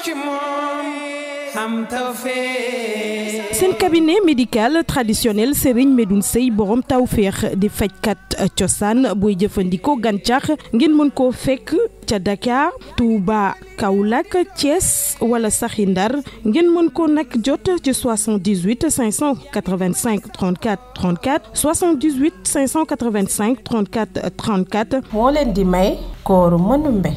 C'est un cabinet médical traditionnel Serigne Medoun Sey borom tawféex di fajkat cosaan booy jëfandikoo gàncax ngeen mën ko fekk ca Dakar Touba Kaolack Thiès wala Sakhindar Ndar ngeen mën ko nak jot ci 78 585 34 34 78 585 34 34. moo di may kooru mënu mbé.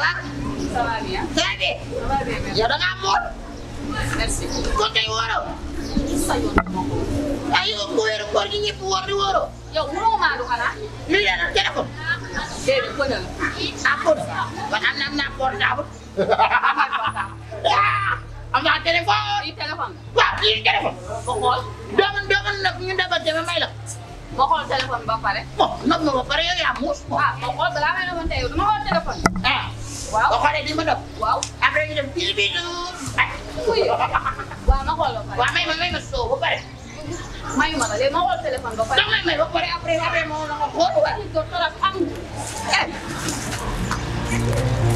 va. ça va bien. très bien. ça va bien yow da ngaa mool. merci. kon kay wóoroo. sa yoon bi ma ko wóoroo. ay yow bu weeru koor gi ñëpp wóor di wóoroo. yow mënoo maa du xanaa. lii la nag téléphone. déedéet ko dal. ah ko dal man am na am naa portable. Ah, am naa téléphone. lii téléphone la. waaw lii téléphone. ba xool. doomu doomu nag ñu dabal demee may la. ma xool téléphone ba pare. bon nag ma ba pare yow yaa muus. ah ma xool balaa may doon tey yow du ma xool téléphone. ah. waaw boo xoolee di ma dog. waaw après ñu dem pile bi du bàcc. waaw ma xool ba pare. waaw may ma may ma soo ba pare. mayu ma la léegi ma xool téléphone ba pare. ndax may may ba pare après après ma woo la ko xool. waaw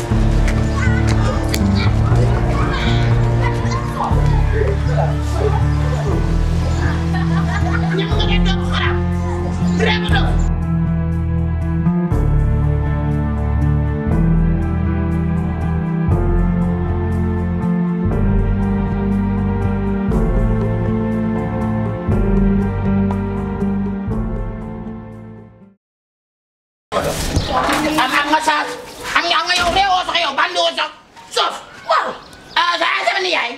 jox soof waaw ah sama nijaay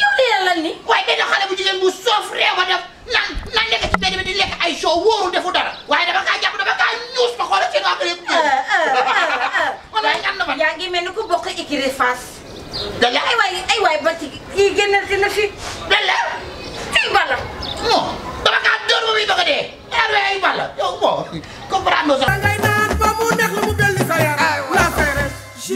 yow lii lan ni waaye benn xale bu jigéen bu soof réew a def naan naan lekk ci mbedd bi di lekk ay soow wóoru defu dara waaye dama kaa jàpp dama kaa ñuus ma xoolal ci nga xam ne. wala ñam na ma. yaa ngi mel ni ku bokk écurie Fass. dëgg la ay waay ay waay ba ci kii génnal si na fi. dëgg la. fii bala. non dama kaa dóor ba muy bëgg a ay waay bala yow bon comprendre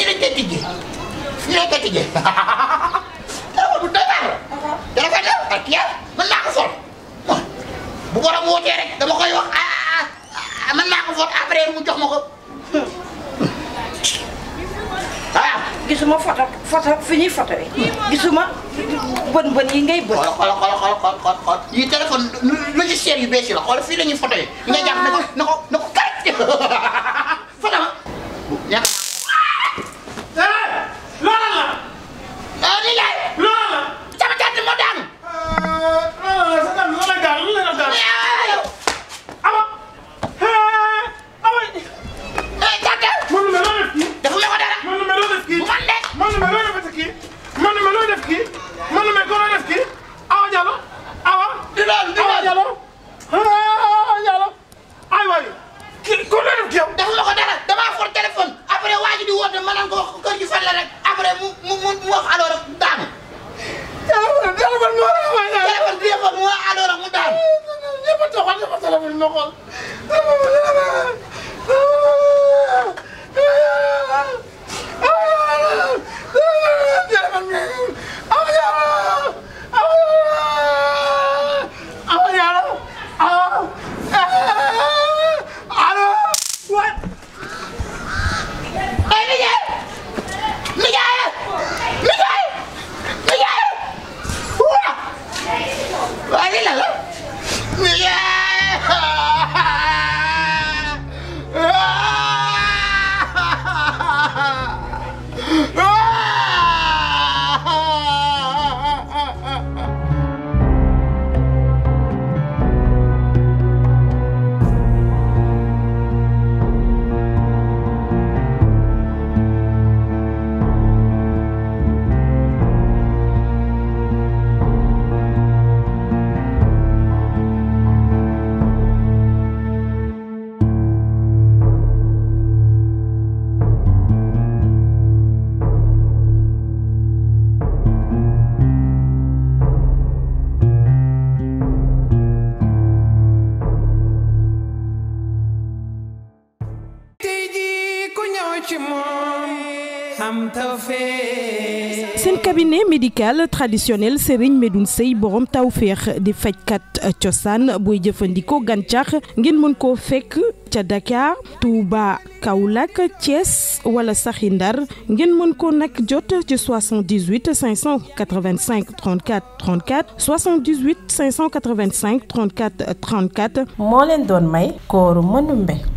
ñi dañ koy tijji fii lañ koy tijji téléphone bu doy waar la. téléphone la ak yàlla mën naa ko sol bu borom wootee rek dama koy wax ah, ah, ah, ah mën naa ko sol après mu jox ma ko. waaw gisuma foto foto fi ñuy foto yi gisuma bën bën yi ngay bën. xool xool xool xool xool xool yi téléphone logiciel yu bees yi la xool fii la ñuy foto yi. nga jàpp na ko na ko na ko daan ñëpp a taxaw ñëpp a taxaw ñu ma xool C'est un cabinet médical traditionnel Serigne medunsei borom tawféex di fajkat cosaan booy jëfandikoo gàncax ngeen Tchadaka, fekk Dakar Touba Kaoulak, Thiès wala Sakhindar Nakdiot ngeen ko nak jot 78 585 34 34 78 585 34 34. mo may